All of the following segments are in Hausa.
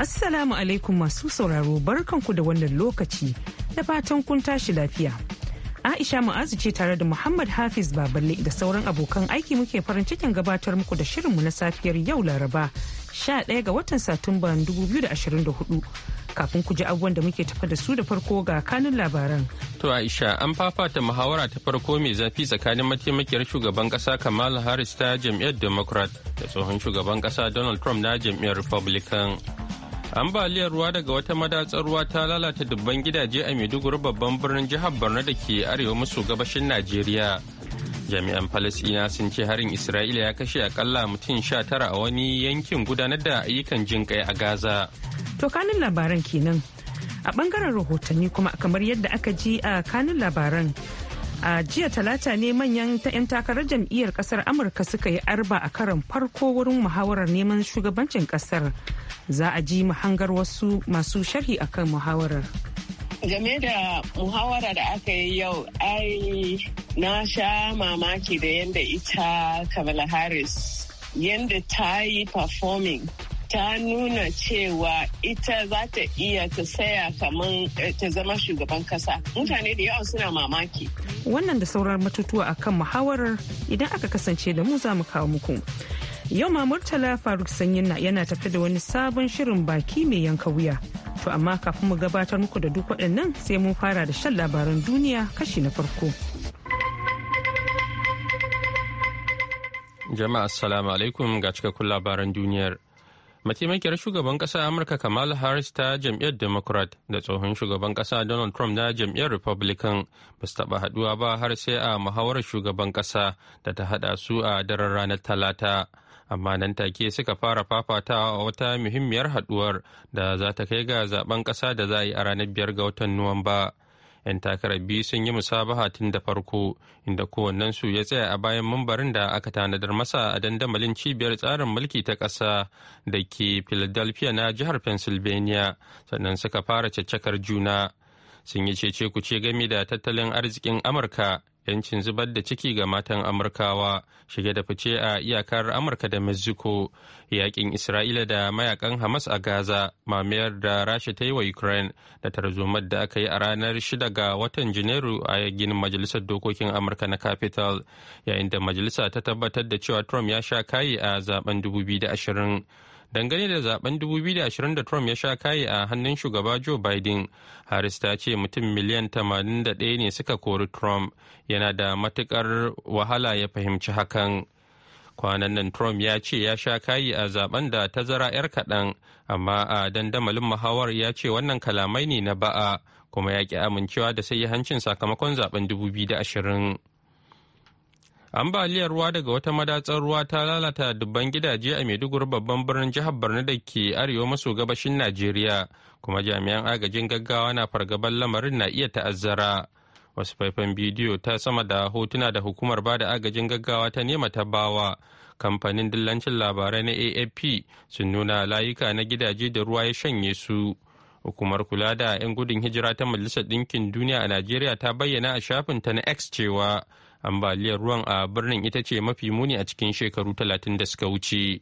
Assalamu alaikum masu sauraro barkanku da wannan lokaci da fatan kun tashi lafiya. Aisha Mu'azu ce tare da Muhammad Hafiz Baballe da sauran abokan aiki muke farin cikin gabatar muku da shirinmu na safiyar yau Laraba 11 ga watan Satumba 2024. Kafin ku ji abubuwan da muke tafa da su da farko ga kanun labaran. To Aisha an fafata muhawara ta farko mai zafi tsakanin mataimakiyar shugaban kasa Kamala Harris ta jam'iyyar Democrat da tsohon shugaban kasa Donald Trump na jam'iyyar Republican. ambaliyar ruwa daga wata madatsar ruwa ta lalata dubban gidaje a maiduguri babban birnin jihar borno da ke arewa maso gabashin najeriya jami'an falasina sun ce harin isra'ila ya kashe akalla mutum sha tara a wani yankin gudanar da ayyukan jin kai a gaza to kanin labaran kenan a bangaren rahotanni kuma kamar yadda aka ji a kanin labaran a jiya talata ne manyan ta 'yan takarar jam'iyyar kasar amurka suka yi arba a karin farko wurin muhawarar neman shugabancin kasar za a ji muhangar wasu masu sharhi akan muhawarar game da muhawara da aka yi yau ai na sha mamaki da yadda ita kamala harris yadda ta yi performing ta nuna cewa ita za ta iya ta saya kamar eh, ta zama shugaban kasa mutane da yawa suna mamaki wannan da sauran matutuwa akan muhawarar idan aka kasance da mu za mu kawo muku yau ma murtala faruk sanyin yana tafi da wani sabon shirin baki mai yanka wuya to amma kafin mu gabatar muku da duk waɗannan sai mun fara da shan labaran duniya kashi na farko jama'a assalamu alaikum ga cikakkun labaran duniyar mataimakiyar shugaban kasa amurka kamala harris ta jam'iyyar democrat da tsohon shugaban kasa donald trump na jam'iyyar republican ba su taɓa haɗuwa ba har sai a muhawarar shugaban kasa da ta haɗa su a daren ranar talata amma nan take suka fara fafatawa a wata muhimmiyar haɗuwar da za ta kai ga zaben kasa da za a yi a ranar biyar ga watan nuwamba. 'yan takarar biyu sun yi musabaha tun da farko inda kowannensu ya tsaya a bayan mambarin da aka tanadar masa a dandamalin cibiyar tsarin mulki ta ƙasa da ke philadelphia na jihar pennsylvania sannan suka fara caccakar juna sun yi cece ce game da tattalin arzikin amurka yancin zubar da ciki ga matan amurkawa shige da fice a iyakar amurka da mexico yakin isra'ila da mayakan hamas a gaza mamayar da rasha ta yi wa ukraine da tarzomar da aka yi a ranar 6 ga watan janairu a ginin majalisar dokokin amurka na capital yayin da majalisa ta tabbatar da cewa trump ya sha kayi a zaben 2020 dangane da zaben 2020 da Trump ya sha kayi a hannun shugaba Joe Biden, Harris ta ce mutum miliyan 81 ne suka kori Trump yana da matukar wahala ya fahimci hakan. Kwanan nan Trump ya ce ya sha kayi a zaben da tazara 'yar kaɗan, amma a dandamalin mahawar ya ce wannan kalamai ne na ba'a kuma ya ƙi amincewa da sai hancin sakamakon zaben 2020. ambaliyar ruwa daga wata madatsar ruwa ta lalata dubban gidaje a maiduguri babban birnin jihar borno da ke arewa maso gabashin najeriya kuma jami'an agajin gaggawa na fargabar lamarin na iya ta'azzara wasu faifan bidiyo ta sama da hotuna da hukumar bada agajin gaggawa ta nema ta bawa kamfanin dillancin labarai na afp sun nuna layuka na gidaje da ruwa ya shanye su hukumar kula da 'yan gudun hijira ta majalisar ɗinkin duniya a najeriya ta bayyana a shafinta na x cewa ambaliyar ruwan a birnin ita ce mafi muni a cikin shekaru talatin da suka wuce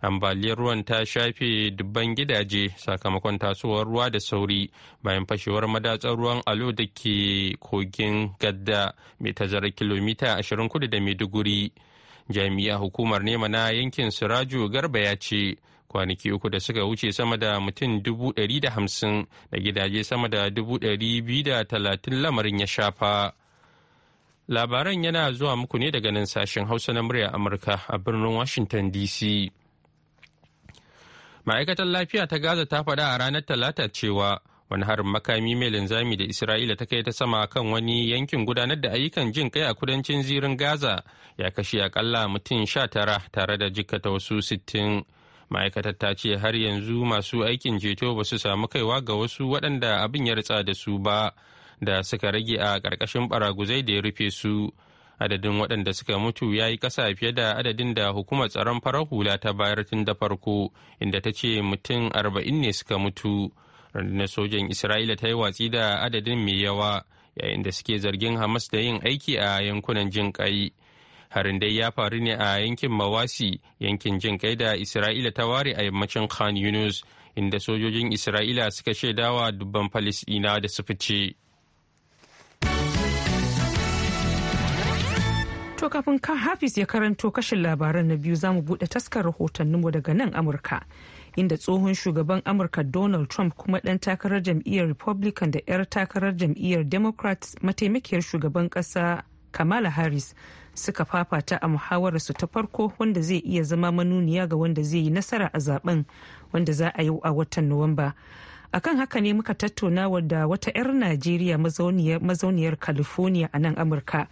ambaliyar ruwan ta shafe dubban gidaje sakamakon tasowar ruwa da sauri bayan fashewar madatsar ruwan alo da ke kogin gadda mai tazarar kilomita 20 kudu da maiduguri jami'a hukumar nema na yankin sirajo garba ya ce kwanaki uku da suka wuce sama da mutum dubu dari da hamsin da gidaje sama da dubu dari biyu da talatin lamarin ya shafa Labaran yana zuwa muku ne daga nan sashen Hausa na murya Amurka a birnin Washington DC. Ma'aikatar lafiya ta Gaza ta faɗa a ranar Talata cewa wani harin makami mai linzami da Isra'ila ta kai ta sama kan wani yankin gudanar da ayyukan jin kai a kudancin zirin Gaza ya kashe akalla mutum sha tara tare da jikkata wasu sittin. ma'aikatar ta ce har yanzu masu aikin jeto ba su samu kaiwa ga wasu waɗanda abin ya ritsa da su ba da suka rage a ƙarƙashin baraguzai da ya rufe su adadin waɗanda suka mutu ya yi ƙasa fiye da adadin da hukumar tsaron farar hula ta bayar tun da farko inda ta ce mutum arba'in ne suka mutu rundunar sojan isra'ila ta yi watsi da adadin mai yawa yayin da suke zargin hamas da yin aiki a yankunan jin kai harin dai ya faru ne a yankin mawasi yankin jin kai da isra'ila ta ware a yammacin khan yunus inda sojojin isra'ila suka shaidawa dubban ina da su fice. kafin ka Hafiz ya karanto kashin labaran na biyu zamu bude taskar rahotanninmu daga nan Amurka. Inda tsohon shugaban Amurka Donald Trump kuma ɗan takarar jam'iyyar Republican da 'yar takarar jam'iyyar Democrats mataimakiyar shugaban ƙasa Kamala Harris suka fafata a muhawararsu ta farko wanda zai iya zama manuniya ga wanda zai yi nasara a zaben wanda za a yi a watan Nuwamba. akan haka ne muka tattauna da wata 'yar Najeriya mazauniyar California a nan Amurka.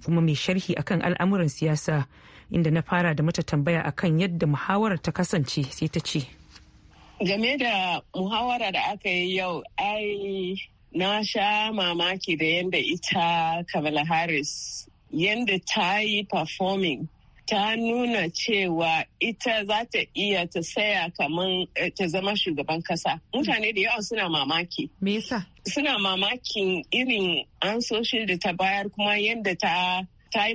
kuma mai sharhi akan al'amuran siyasa inda na fara da mata tambaya akan yadda muhawarar ta kasance sai ta ce. Game da muhawara da aka yi yau ai na sha mamaki da yadda ita Kamala Harris yadda ta yi performing ta nuna cewa ita za ta iya ta saya kamar eh, ta zama shugaban kasa. Mutane da yawa suna mamaki. Me yasa? Suna mamakin irin an social da ta bayar kuma yadda ta ta yi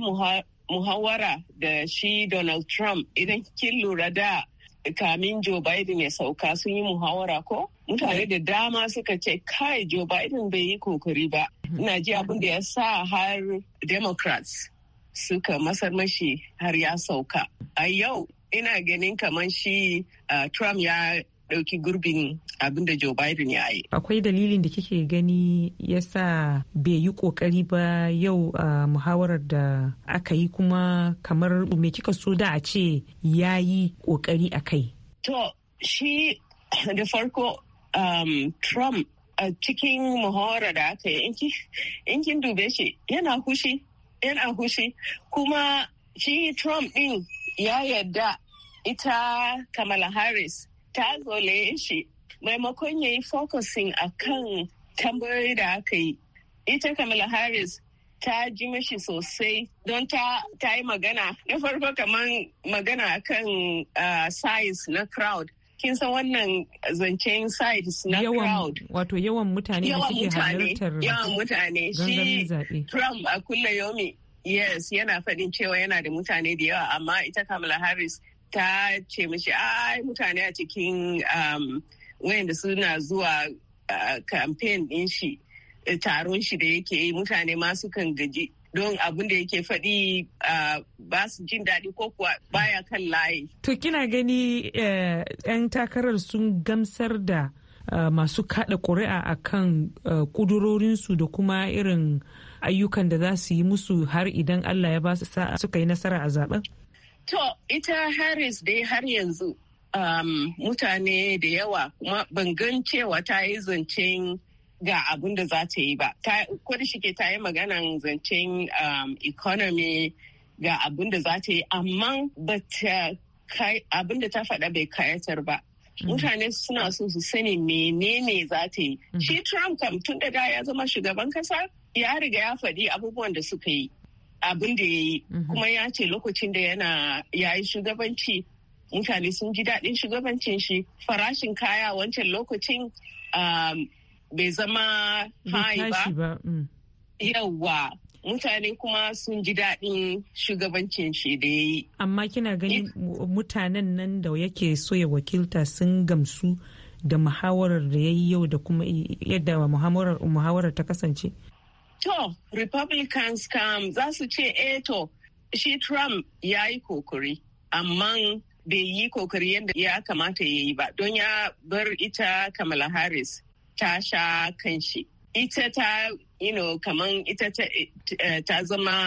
muhawara da shi Donald Trump idan kin lura da kamin Joe Biden ya sauka sun yi muhawara ko? Mutane da dama suka ce kai Joe Biden bai yi kokari ba. Ina ji abin da ya sa har Democrats suka masar har ya sauka. A yau ina ganin kamar shi uh, Trump ya dauki gurbin abin da Joe Biden ya yi. Akwai dalilin da kike gani ya sa bai yi ƙoƙari ba yau a muhawarar da aka yi kuma kamar me kika so da a ce ya yi ƙoƙari a kai. To, shi da farko um, Trump a cikin muhawarar da aka yi in kin dube shi yana hushi yan agushi kuma shi trump din ya yarda ita kamala harris ta zole shi maimakon ya yi focusing a kan tambayoyi da aka yi ita kamala harris ta ji mashi sosai don ta, ta yi magana na farko kamar magana akan uh, ah, size na crowd kin san wannan zancen sides na yawan, crowd wato yawan mutane yawan mutane yawan mutane shi Trump a kulla yomi yes yana fadin cewa yana da mutane da yawa amma ita Kamala Harris ta ce mishi ai mutane a cikin um, wayanda suna zuwa uh, campaign din shi taron shi da yake yi mutane ma sukan gaji don abin da yake faɗi ba su jin daɗi ko kuwa baya kan layi. To kina gani 'yan eh, takarar sun gamsar da eh, masu kaɗa ƙuri'a a kan eh, ƙudurorinsu da kuma irin ayyukan da za su yi musu har idan Allah ya ba su sa'a suka yi nasara a zaben? To ita Harris dai har yanzu mutane da yawa kuma ban gan cewa ta yi zancen ga abin da za ta yi ba. Ko da ke ta yi maganan zancen um, economy ga abin da za ta yi, amma abin da ta faɗa bai kayatar ba. Mm. Mutane suna so su sani menene za ta yi. Mm. Shi Trump kam tun da ya zama shugaban kasa ya riga ya faɗi abubuwan da suka yi. Abin da ya yi mm-hmm. kuma ya ce lokacin da yana ya yi shugabanci mutane sun ji daɗin shugabancin shi farashin kaya wancan lokacin um, bai zama high ba mm. yawwa mutane kuma sun ji daɗin shugabancin shi da ya yi amma kina ganin mutanen nan da yake so ya wakilta sun gamsu da muhawarar da ya yi yau da kuma yadda muhawarar ta kasance to republicans kam za su ce eh to shi trump ya yi kokari amma bai yi kokari yadda ya kamata ya yi ba don ya bar ita kamala harris ta sha kan shi ita ta you know kaman ita ta, eh, ta zama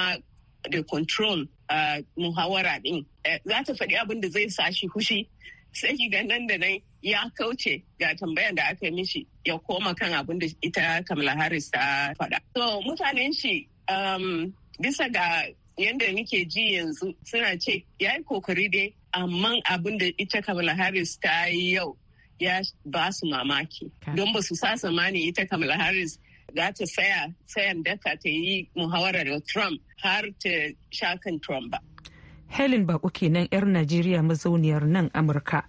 da control uh, muhawara din uh, za ta faɗi abin da zai sa shi kushi sai ki ga nan da nan ya kauce ga tambayar da aka mishi ya koma kan abin da ita Kamala Harris ta faɗa. So mutanen shi um, bisa ga yadda nike ji yanzu suna ce ya yi kokari dai amma abin da ita Kamala Harris ta yi yau ya ba su mamaki don ba su sa samani ita kamala harris za ta tsaya tsayan daka ta yi muhawarar da trump har ta shakan trump ba helen bako kenan 'yar najeriya mazauniyar nan amurka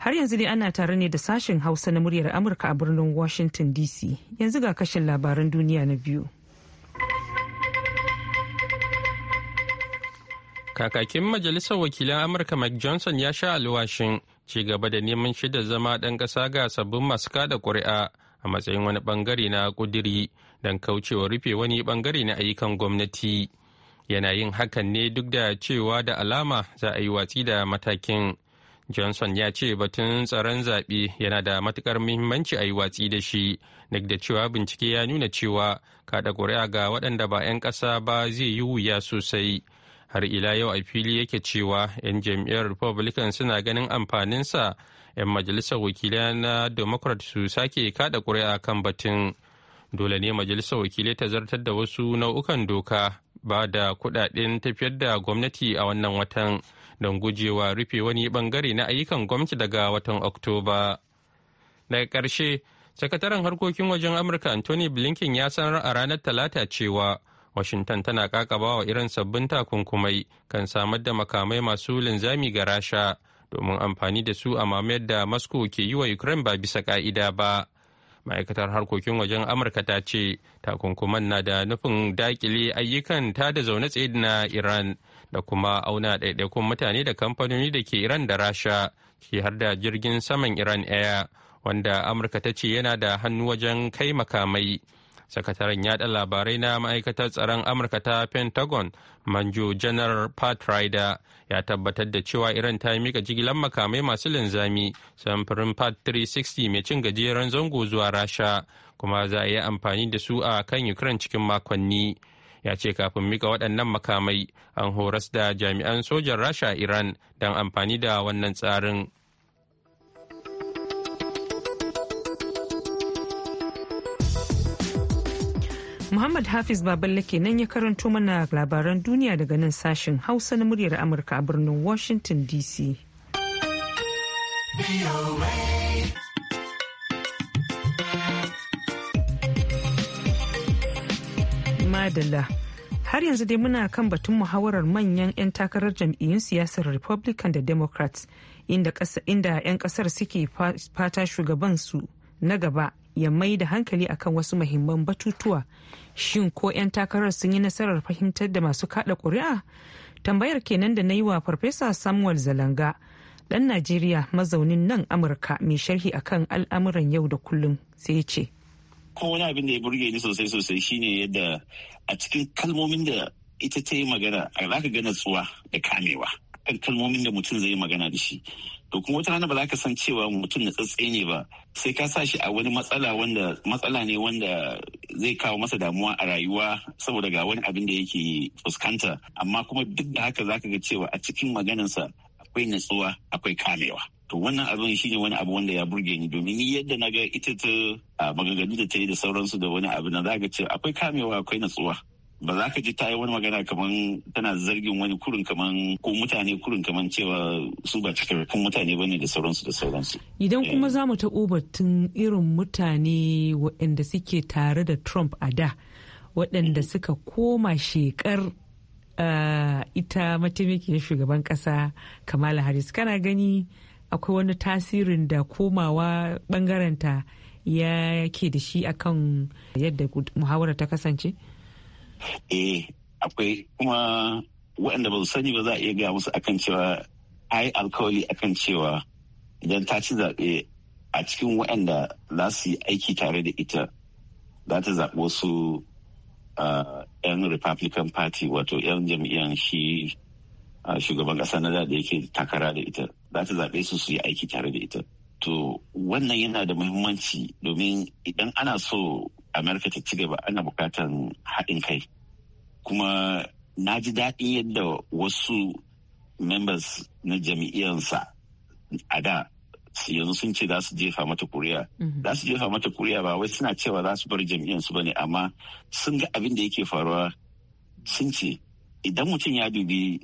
har yanzu ne ana tare ne da sashen hausa na muryar amurka a birnin washington dc yanzu ga kashin labaran duniya na biyu kakakin majalisar wakilan amurka mike johnson ya sha alwashin ci gaba da neman shida zama ɗan ƙasa ga sabbin masu kada kuri'a a matsayin wani ɓangare na ƙudiri don kaucewa rufe wani ɓangare na ayyukan gwamnati yana yin hakan ne duk da cewa da alama za a yi watsi da matakin johnson ya ce batun tsaron zaɓe yana da matukar muhimmanci a yi watsi da shi duk da cewa bincike ya nuna cewa kaɗa kuri'a ga waɗanda ba 'yan ƙasa ba zai yi wuya sosai har ila yau a fili yake cewa 'yan jam'iyyar republican suna ganin amfaninsa 'yan majalisar wakilai na democrat su sake kada kuri'a kan batun dole ne majalisar wakilai ta zartar da wasu nau'ukan doka ba da kudaden tafiyar da gwamnati a wannan watan don gujewa rufe wani bangare na ayyukan gwamnati daga watan oktoba daga ƙarshe sakataren harkokin wajen amurka anthony blinken ya sanar a ranar talata cewa washington tana kakabawa irin sabbin takunkumai kan samar da makamai masu linzami ga rasha domin amfani da su a mamayar da moscow ke yi wa ukraine ba bisa ka'ida ba ma'aikatar harkokin wajen amurka ta ce takunkuman na da nufin dakile ayyukan ta da zaune tsaye na iran da kuma auna ɗaiɗaikun mutane da kamfanoni da ke iran da rasha ke har da jirgin saman iran air wanda amurka ta ce yana da hannu wajen kai makamai sakataren yada labarai na ma'aikatar tsaron amurka ta pentagon manjo janar pat rider ya tabbatar da cewa iran ta mika jigilar makamai masu linzami samfurin pat 360 mai cin gajeren zango zuwa rasha kuma za a yi amfani da su a kan ukraine cikin makonni ya ce kafin mika waɗannan makamai an horas da jami'an sojan rasha iran don amfani da wannan tsarin. Muhammad Hafiz Baballe kenan ya karanto mana labaran duniya daga nan sashen Hausa na muryar Amurka a birnin Washington DC. Madalla. Har yanzu dai muna kan batun muhawarar manyan 'yan takarar jam'iyyun siyasar Republican da Democrats inda 'yan kasar suke fata shugaban su na gaba ya mai da hankali akan wasu mahimman batutuwa shin ko 'yan takarar sun yi nasarar fahimtar da masu kada ƙuri'a tambayar kenan da na yi wa farfesa samuel zalanga dan najeriya mazaunin nan amurka mai sharhi akan al'amuran yau da kullum sai ya ce wani abin da ya burge ni sosai sosai shine yadda a cikin kalmomin da ita ta yi magana a ka ga natsuwa da kamewa kalmomin da mutum zai magana da shi to kuma wata rana ba za ka san cewa mutum na tsatsai ne ba sai ka sa shi a wani matsala wanda matsala ne wanda zai kawo masa damuwa a rayuwa saboda ga wani abin da yake fuskanta amma kuma duk da haka za ka ga cewa a cikin maganansa akwai natsuwa akwai kamewa to wannan abin shine wani abu wanda ya burge ni domin ni yadda na ga ita ta maganganu da ta yi da sauransu da wani abu na za ka cewa akwai kamewa akwai natsuwa ba za ka ji ta yi wani magana kamar tana zargin wani kurin kamar ko mutane kurin kamar cewa su ba cikakkun mutane bane da sauransu da sauransu. Idan kuma eh. za mu taɓo batun irin mutane waɗanda suke tare da Trump a da waɗanda mm. suka koma shekar eh, ita mataimakin shugaban ƙasa Kamala Harris kana gani akwai wani tasirin da komawa ɓangarenta ya ke da shi akan yadda muhawarar ta kasance? eh akwai kuma waɗanda ba su sani ba za a iya gaya musu akan cewa ai alkawali akan cewa idan ta ci zaɓe a cikin waɗanda za su yi aiki tare da ita za ta zaɓo wasu yan republican party wato yan jam'iyyar shi shugaban ƙasa na da yake takara da ita za ta zaɓe su su yi aiki tare da ita To wannan yana da muhimmanci domin idan ana so Amerika ta ci gaba ana bukatan haɗin kai. Kuma na ji daɗin yadda wasu members na jami'iyansa a da yanzu sun ce za su jefa mata kuriya. Mhm. Za su jefa mata kuriya ba wai suna cewa za su bar jami'iyansu ba ne amma sun ga abin da yake faruwa sun ce idan mutum ya dubi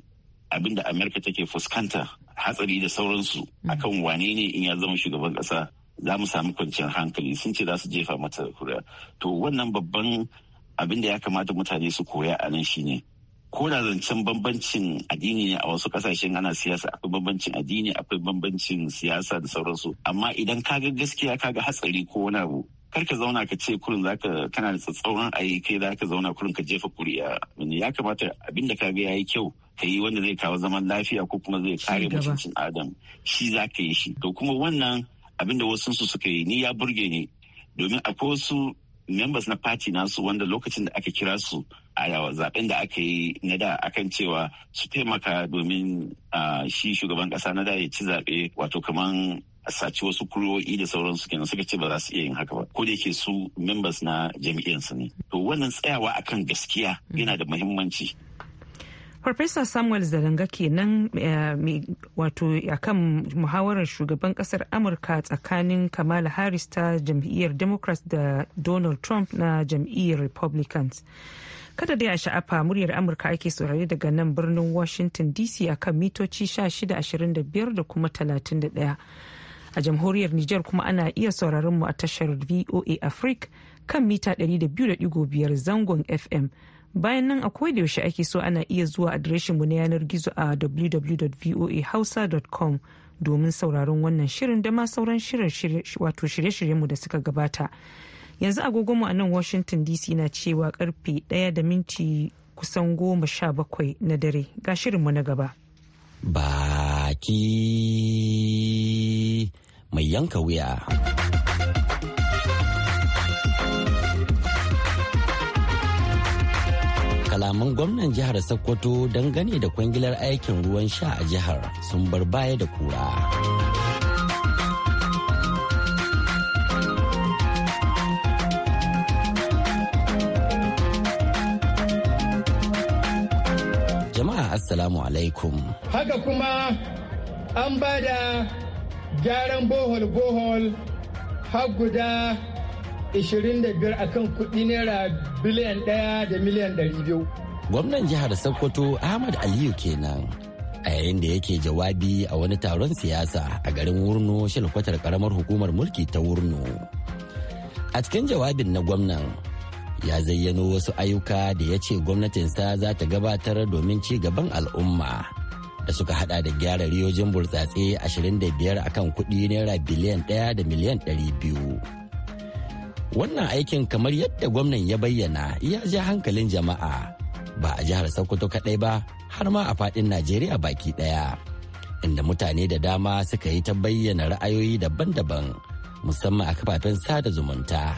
Abin da amerika take fuskanta hatsari da sauransu hmm. akan wane ne in ya zama shugaban kasa za mu samu kwanciyar hankali sun ce za su jefa mata kuri'a to wannan babban abin da ya kamata mutane su koya a nan shine ko da zancen bambancin addini ne a wasu kasashen ana siyasa akwai bambancin addini akwai bambancin siyasa da sauransu amma idan ka ga gaskiya ka ga hatsari ko wani abu kar ka zauna ka ce kurin zaka kana da tsatsauran ayi kai zaka zauna kurin ka jefa kuri'a ya kamata abin da ka ga yayi kyau ka yi wanda zai kawo zaman lafiya ko kuma zai kare mutuncin adam shi za ka yi shi to kuma wannan abin da wasu suka yi ni ya burge ni domin akwai wasu members na party nasu wanda lokacin da aka kira su a zaben da aka yi na da akan cewa su taimaka domin shi shugaban kasa na da ya ci zaɓe wato kaman a saci wasu kuriyoyi da sauransu kenan suka ce ba za su iya yin haka ba ko da yake su members na su ne to wannan tsayawa akan gaskiya yana da muhimmanci Farfesa Samuel Zaranga kenan eh, wato kan muhawarar shugaban kasar Amurka tsakanin Kamala Harris ta jam'iyyar Democrats da Donald Trump na jam'iyyar Republicans. Kada dai a sha'afa muryar Amurka ake saurare daga nan birnin Washington DC a kan mitoci 1625 da kuma 31. A jamhuriyar Nijar kuma ana iya sauraron mu a tashar VOA Africa kan mita 200.5 zangon FM. bayan nan a da yaushe ake so ana iya zuwa adireshinmu na yanar gizo a www.voahausa.com domin sauraron wannan shirin da ma sauran shirye-shiryenmu da suka gabata yanzu agogonmu a nan washington dc na cewa karfe ɗaya da minti kusan goma sha bakwai na dare ga shirinmu na gaba baki mai yanka wuya kalaman gwamnan jihar sokoto dangane da kwangilar aikin ruwan sha a jihar sun bar baya da kura jama'a assalamu alaikum haka kuma an ba da gyaran bohol bohol har guda 25 akan kudi naira biliyan da miliyan 200. Gwamnan jihar Sokoto Ahmad Aliyu kenan. a yayin da yake jawabi a wani taron siyasa a garin wurno shilkwatar karamar hukumar mulki ta wurno a cikin jawabin na gwamnan ya zayyano wasu ayyuka da ya ce gwamnatinsa za ta gabatar domin ci gaban al'umma da suka hada da gyara riyojin burtsatse 25 kan kudi naira biliyan 1 da miliyan 200 Wannan aikin kamar yadda gwamnan ya bayyana ya ja hankalin jama'a ba a jihar Sokoto kaɗai ba har ma a faɗin Najeriya baki ɗaya. Inda mutane da dama suka yi ta bayyana ra'ayoyi daban-daban musamman a kafafen sada zumunta.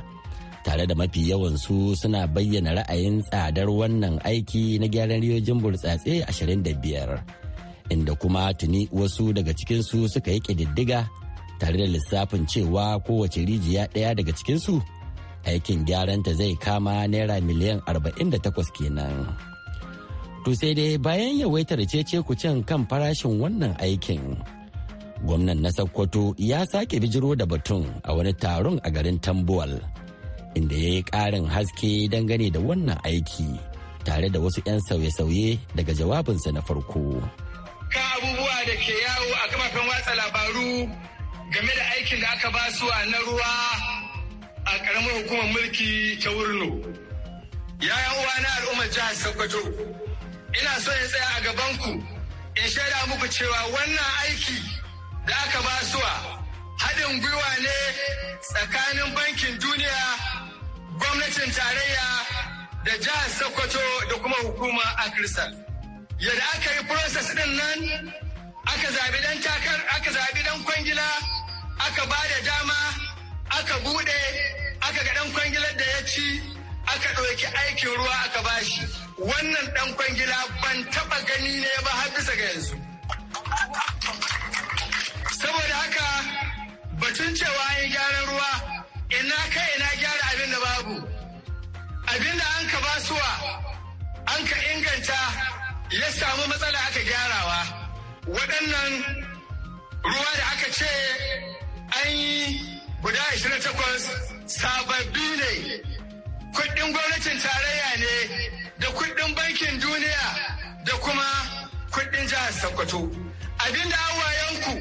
tare da mafi yawansu suna bayyana ra'ayin tsadar wannan aiki na gyaran riyojin burtsatse 25 inda kuma tuni wasu daga cikinsu suka yi ƙididdiga tare da lissafin cewa kowace rijiya ɗaya daga cikinsu aikin gyaranta zai kama naira miliyan 48 kenan to sai dai bayan yawaitar cece kucin kan farashin wannan aikin gwamnan na sokoto ya sake bijiro da batun a wani taron a garin tambuwal inda ya yi ƙarin haske dangane da wannan aiki tare da wasu 'yan sauye-sauye daga jawabinsa na farko. Ka abubuwa da ke yawo a kamafin watsa labaru game da aikin da aka basu a na ruwa a karamar hukumar mulki ta wurno ya uwa na al'ummar jihar sokoto ina so ya tsaya a gabanku in shaida muku cewa wannan aiki da aka ba suwa haɗin gwiwa ne tsakanin bankin duniya gwamnatin tarayya da jihar sokoto da kuma hukuma akrisal yadda aka yi process ɗin nan aka zaɓi ɗan kwangila aka ba da dama aka bude aka ga dan kwangilar da ya ci aka ɗauki aikin ruwa aka bashi wannan dan kwangila ban taba gani ne ba har bisa ga yanzu saboda haka batun cewa an gyaran ruwa ina ka ina gyara abin da babu abin da an ka basuwa an ka inganta ya samu matsala aka gyarawa waɗannan ruwa da aka ce ashirin takwas sababbi ne kuɗin gwamnatin tarayya ne da kuɗin bankin duniya da kuma kuɗin jihar sokoto da awayenku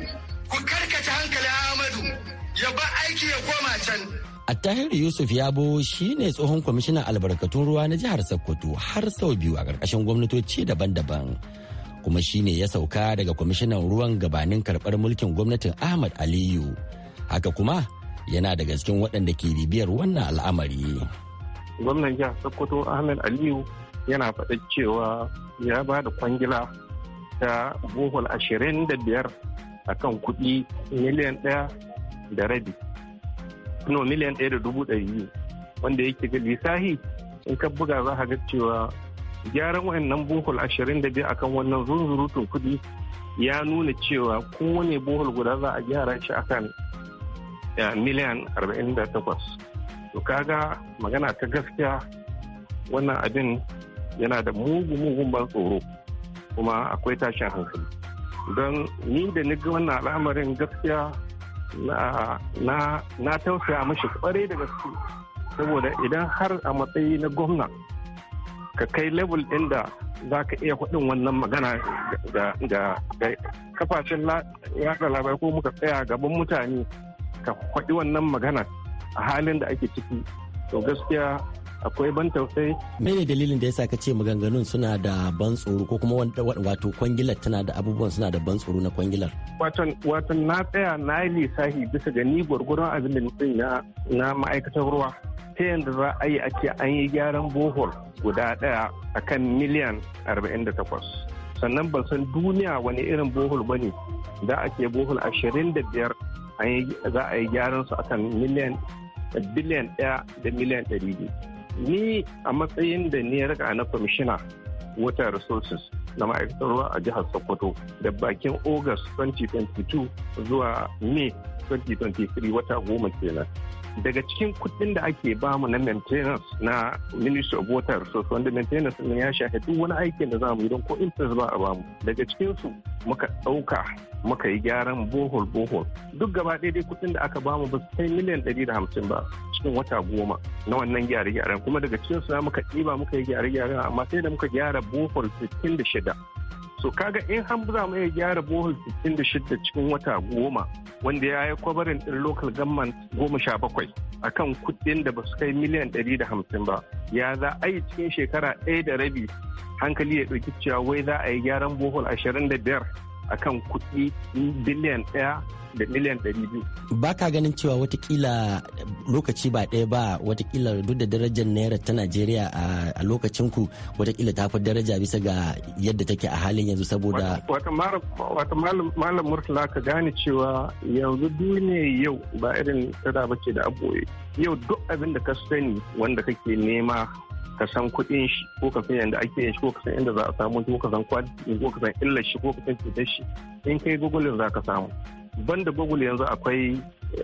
ku karkata hankali ahmadu ya ba aiki ya koma can Attahir Yusuf Yabo shi ne tsohon kwamishinan albarkatun ruwa na jihar Sokoto har sau biyu a ƙarƙashin gwamnatoci daban-daban. Kuma shi ne ya sauka daga kwamishinan ruwan gabanin karɓar mulkin gwamnatin Ahmad Aliyu. Haka kuma yana daga cikin waɗanda ke bibiyar wannan al'amari. Gwamnan jihar Sokoto Ahmed Aliyu yana faɗa cewa ya ba da kwangila ta buhul ashirin da biyar a kan kuɗi miliyan ɗaya da rabi. No, miliyan ɗaya da dubu ɗari wanda yake ga lissahi in ka buga za a ga cewa gyaran wayannan buhul ashirin da biyu akan wannan zunzurutun kuɗi ya nuna cewa kowane buhul guda za a gyara shi akan miliyan 48 to kaga magana ta gaskiya wannan abin yana da mugu-mugun ban tsoro kuma akwai tashin hankali don ni da ga wannan al'amarin gaskiya na tausaya mashi kwarai da gaske saboda idan har a matsayi na gwamna ka kai level ɗin da za ka iya faɗin wannan magana ga kafafen yada labarai ko muka tsaya gaban mutane ka faɗi wannan magana a halin da ake ciki to gaskiya akwai ban tausayi. Mene dalilin da ya sa ka ce maganganun suna da ban tsoro ko kuma wato kwangilar tana da abubuwan suna da ban tsoro na kwangilar? Wato na tsaya na yi lissafi bisa ga ni gwargwaron abin da mutum na ma'aikatar ruwa. Ta yadda za a yi ake an yi gyaran bohol guda ɗaya a kan miliyan 48. Sannan ban san duniya wani irin bohol ba ne da ake bohol biyar. za a yi gyaran su akan miliyan biliyan ɗaya da miliyan ɗari biyu ni a matsayin da ni raka na kwamishina water resources na ma'aikatar ruwa a jihar sokoto da bakin august 2022 zuwa may 2023 wata goma kenan daga cikin kudin da ake ba mu na maintenance na ministry of water resources wanda maintenance ne ya shafi duk wani aikin da za mu yi don ko interest ba a ba mu daga cikin su muka dauka muka yi gyaran bohol bohol duk gaba ɗaya dai kuɗin da aka bamu ba su kai miliyan ɗari da hamsin ba cikin wata goma na wannan gyare gyaren kuma daga cikin su muka ɗiba muka yi gyare gyaren amma sai da muka gyara bohol sittin da shida so kaga in han za mu iya gyara bohol 66 cikin wata goma wanda ya yi kwabarin ɗin local government goma sha bakwai a kan kuɗin da ba su kai miliyan ɗari da hamsin ba ya za a yi cikin shekara ɗaya da rabi hankali ya ɗauki cewa wai za a yi gyaran bohol ashirin da biyar a kan kuɗi biliyan ɗaya da miliyan ɗari biyu. Ba ka ganin cewa watakila lokaci ba ɗaya ba watakila duk da darajar naira ta Najeriya a lokacin ku watakila ta fi daraja bisa ga yadda take a halin yanzu saboda. Wata malam Murtala ka gane cewa yanzu duniya yau ba irin ba bace da aboye. Yau duk abin da ka sani wanda kake nema ka san kuɗin shi ko ka san yadda ake yin shi ko ka san inda za a samu shi ko ka san ko ka san illar shi ko ka san cutar shi in kai google za ka samu banda google yanzu akwai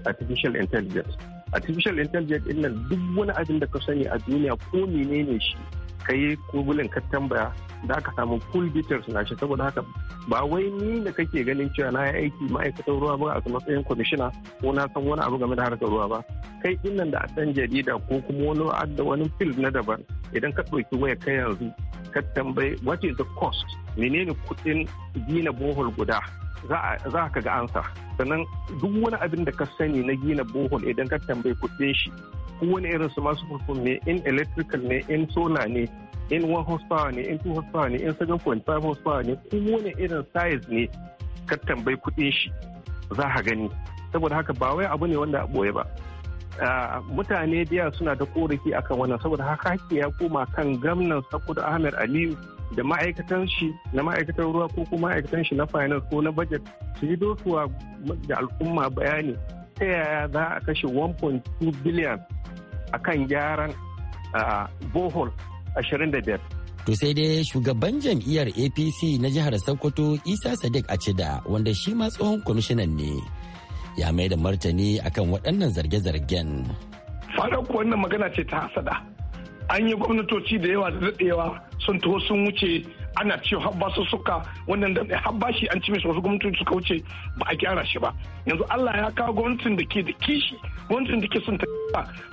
artificial intelligence artificial intelligence innan duk wani abin da ka sani a duniya ko menene shi ka yi gugulin ka tambaya da aka samu full details na shi saboda haka ba wai ni da kake ganin cewa na yi aiki ma'aikatan ruwa ba a matsayin kwamishina ko na san wani abu game da harkar ruwa ba kai din nan da a ɗan jarida ko kuma wani adda wani field na daban idan ka ɗauki waya kai yanzu ka tambayi what is the cost menene kuɗin gina bohol guda za ka ga ansa sannan duk wani abin da ka sani na gina bohol idan ka tambayi kuɗin shi ko wani irin su masu kurkun ne in electrical ne in solar ne in one horsepower ne in two horsepower ne in seven point five horsepower ne ko wani irin size ne ka tambayi kuɗin shi za ka gani saboda haka ba wai abu ne wanda a ɓoye ba mutane biya suna da korafi akan wannan saboda haka hakki ya koma kan gamnan sakuda ahmed aliyu da ma'aikatan shi na ma'aikatan ruwa ko kuma ma'aikatan shi na finance ko na budget su yi dosuwa da al'umma bayani ta yaya za a kashe 1.2 billion a kan gyaran bohol 25. To sai dai shugaban jam'iyyar APC na jihar Sokoto Isa Sadiq Acida wanda shi ma tsohon kwamishinan ne ya mai da martani akan waɗannan zarge-zargen. Farar wannan magana ce ta hasada. an yi gwamnatoci da yawa da daɗewa sun taho sun wuce ana cewa habba su suka wannan da habba an ci mishi wasu gwamnati suka wuce ba a gyara shi ba yanzu Allah ya kawo gwamnatin da ke da kishi gwamnatin da ke sun ta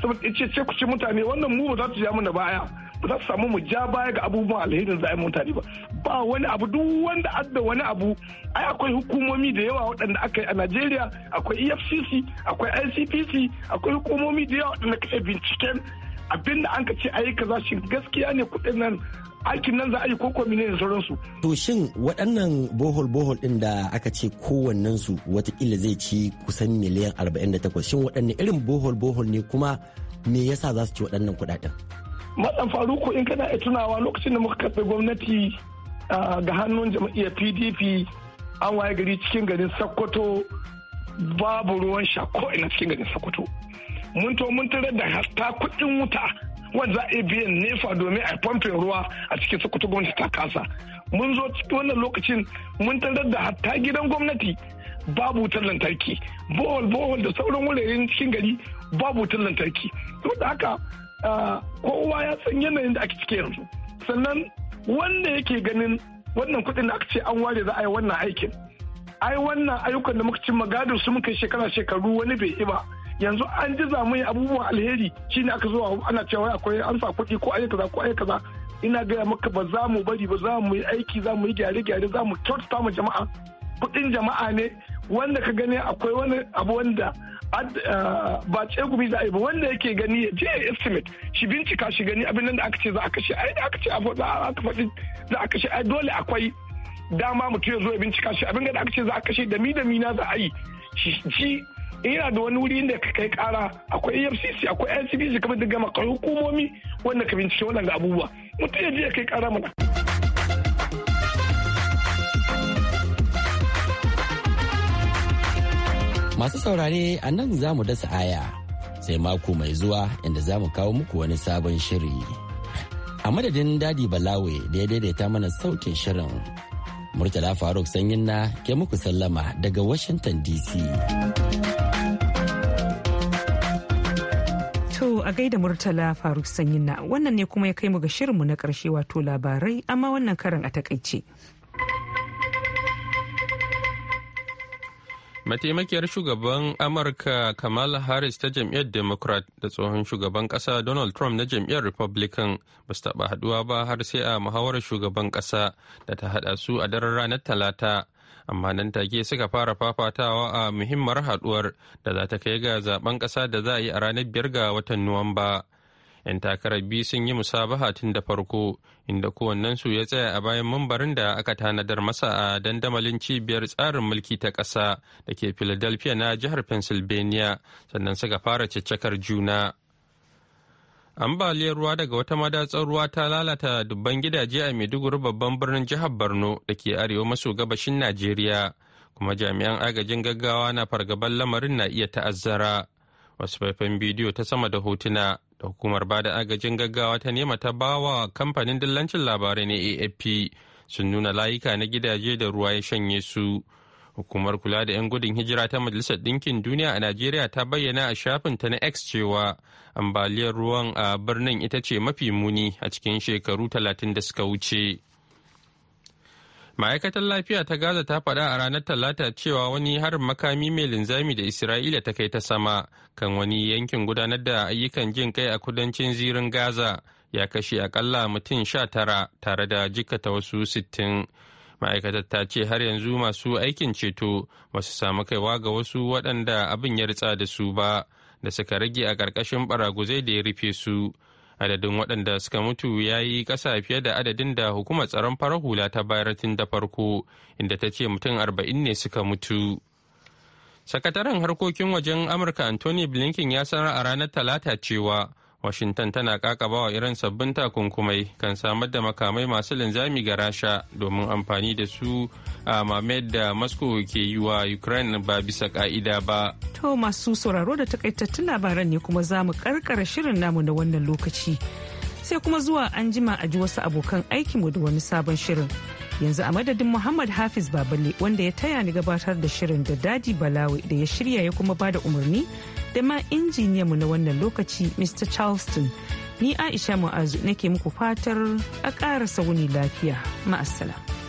saboda ce ku ci mutane wannan mu ba za su ja mu baya ba za su samu mu ja baya ga abubuwan alherin za a yi mutane ba ba wani abu duk wanda adda wani abu ai akwai hukumomi da yawa waɗanda aka yi a Najeriya akwai EFCC akwai ICPC akwai hukumomi da yawa waɗanda ka binciken abinda an ka ce yi kaza shi gaskiya ne kuɗin nan aikin nan za a yi koko mine da sauransu. To shin waɗannan bohol bohol ɗin da aka ce kowannen su watakila zai ci kusan miliyan 48 shin waɗanne irin bohol bohol ne kuma me yasa za su ci waɗannan kuɗaɗen? Matsan faruku in kana tunawa lokacin da muka karɓi gwamnati ga hannun jam'iyyar PDP an waye gari cikin garin Sokoto babu ruwan sha ko ina cikin garin Sokoto. mun to mun tare da hatta kuɗin wuta wanda za a biyan nefa domin a famfe ruwa a cikin sokoto gwamnati ta kasa mun zo wannan lokacin mun tare da hatta gidan gwamnati babu wutar lantarki bohol bohol da sauran wuraren cikin gari babu wutar lantarki to da haka kowa ya san yanayin da ake cike yanzu sannan wanda yake ganin wannan kuɗin da aka ce an ware za a yi wannan aikin ai wannan ayyukan da muka ci magadin su muka shekara shekaru wani bai iba ba yanzu an ji yi abubuwan alheri shi ne aka zo ana cewa akwai an sa kuɗi ko ayi kaza ko ayi kaza ina gaya maka ba za mu bari ba za mu yi aiki za mu yi gyare-gyare za mu kyautata ma jama'a kuɗin jama'a ne wanda ka gani akwai wani abu wanda eh, ba ce gumi za a yi ba wanda yake gani ya je estimate shi bincika shi gani abin nan da aka ce za a kashe ai da aka ce abu za a faɗi za a kashe ai dole akwai dama mutum ya zo ya bincika shi abin da aka ce za a kashe da mi da mi na za a yi shi yana da wani wuri inda ka kai kara akwai efcc akwai ncbc kamar da gama kai hukumomi wanda ka bincike waɗanda abubuwa mutum ya je ya kai kara mana. masu saurare a nan za mu dasa aya sai mako mai zuwa inda za mu kawo muku wani sabon shiri a madadin dadi balawe da ya daidaita mana saukin shirin murtala faruk sanyin na ke muku sallama daga washington dc a gaida Murtala Faruk Sanyin na wannan ne kuma ya kai mu ga shirinmu na ƙarshe wato labarai amma wannan karin a takaice. Mataimakiyar shugaban Amurka Kamala Harris ta jam'iyyar Democrat da tsohon shugaban kasa Donald Trump na jam'iyyar Republican ba su taɓa haɗuwa ba har sai a muhawarar shugaban ƙasa da ta haɗa su a daren ranar Talata. amma nan take suka fara fafatawa a muhimmar haduwar da za ta kai ga zaben kasa da za a yi a ranar biyar ga watan nuwamba yan takarar biyu sun yi musabaha tun da farko inda kowannensu ya tsaya a bayan mambarin da aka tanadar masa a dandamalin cibiyar tsarin mulki ta ƙasa da ke philadelphia na jihar pennsylvania sannan suka fara caccakar juna ambaliyar ruwa daga wata madatsar ruwa ta lalata dubban gidaje a maiduguri babban birnin jihar borno da ke arewa maso gabashin najeriya kuma jami'an agajin gaggawa na fargaban lamarin na iya ta'azzara wasu faifan bidiyo ta sama da hotuna da hukumar bada agajin gaggawa ta nema ta bawa kamfanin dillancin labarai na afp sun nuna layuka na gidaje da ruwa ya shanye su Hukumar kula da 'yan gudun hijira ta Majalisar Ɗinkin Duniya a Najeriya ta bayyana a shafin ta na X cewa ambaliyar ruwan a birnin ita ce mafi muni a cikin shekaru talatin da suka wuce. Ma'aikatar lafiya ta Gaza ta faɗa a ranar Talata cewa wani harin makami mai linzami da Isra'ila ta kai ta sama kan wani yankin gudanar da ayyukan jin kai a kudancin zirin Gaza ya kashe akalla mutum sha tara tare da jikata wasu sittin. ma'aikatar ta ce har yanzu masu aikin ceto ba su samu kaiwa ga wasu waɗanda abin ya ritsa da su ba da suka rage a ƙarƙashin baraguzai da ya rufe su adadin waɗanda suka mutu ya yi ƙasa fiye da adadin da hukumar tsaron farar hula ta bayar tun da farko inda ta ce mutum arba'in ne suka mutu sakataren harkokin wajen amurka anthony blinken ya sanar a ranar talata cewa washington tana kakaba irin sabbin takunkumai kan samar da makamai masu linzami ga rasha domin amfani da su a mamayar da moscow ke yi wa ukraine ba bisa ka'ida ba to masu sauraro da takaitattun labaran ne kuma za mu karkara shirin namu na wannan lokaci sai kuma zuwa an jima a ji wasu abokan aikinmu da wani sabon shirin yanzu a madadin muhammad hafiz baballe wanda ya taya ni gabatar da shirin da dadi balawi da ya shirya ya kuma bada umarni da ma mu na wannan lokaci Mr. Charleston. Ni Aisha Mu'azu nake muku fatar a ƙara sauni lafiya. Ma'asala.